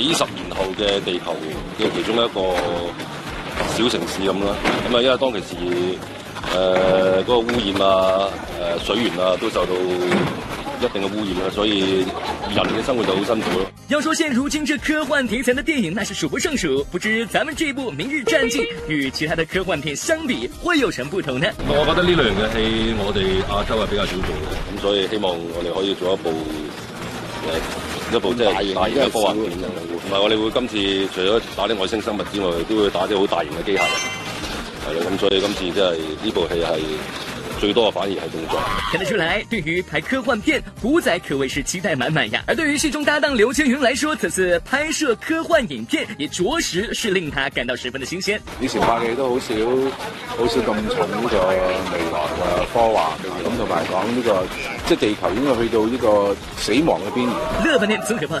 幾十年後嘅地球嘅其中一個小城市咁啦，咁啊，因為當其時誒嗰、呃那個污染啊、誒水源啊都受到一定嘅污染啊，所以人嘅生活就好辛苦咯。要說現如今這科幻題材的電影，那是數不勝數。不知咱們這部《明日戰記》與其他的科幻片相比，會有什麼不同呢？我覺得呢類型嘅戲，我哋亞洲係比較少做嘅，咁所以希望我哋可以做一部誒、呃、一部即係大型嘅科幻片。我哋會今次除咗打啲外星生物之外，都會打啲好大型嘅機械人。係啦，咁所以今次真係呢部戲係最多嘅反而係動作。看得出來，對於拍科幻片，古仔可謂是期待滿滿呀。而對於戲中搭檔劉青雲來說，此次拍攝科幻影片也着實是令他感到十分的新鮮。以前拍嘅戲都好少，好少咁重呢個未來嘅科幻咁，同埋講呢個，即係地球已經去到呢個死亡嘅邊緣。樂